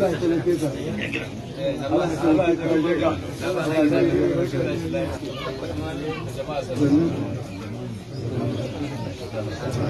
Allah ya tallafe ka Allah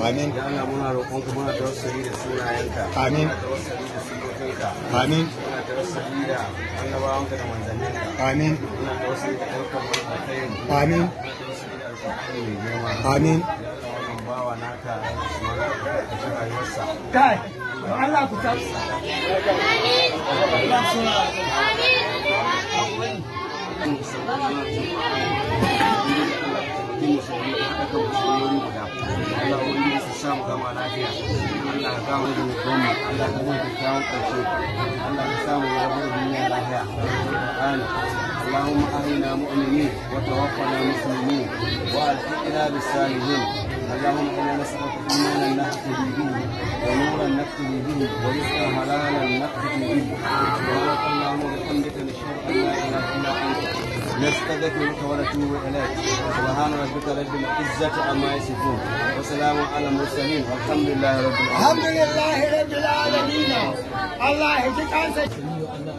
amin Amin. Amin. amin da amin amin amin amin bawa naka rayuwarsa amin اللهم أهلنا مؤمنين وتوفنا مسلمين وألحقنا بالسالمين اللهم إنا نسألك إيمانا نهتدي به ونورا نقتدي به ورزقا حلالا نقتدي به سبحانك اللهم وبحمدك نشهد أن لا إله إلا نستغيث منك ونتوب اليك سبحان ربك رب العزه عما يصفون وسلام على المرسلين والحمد لله رب العالمين الحمد لله رب العالمين الله يجزيك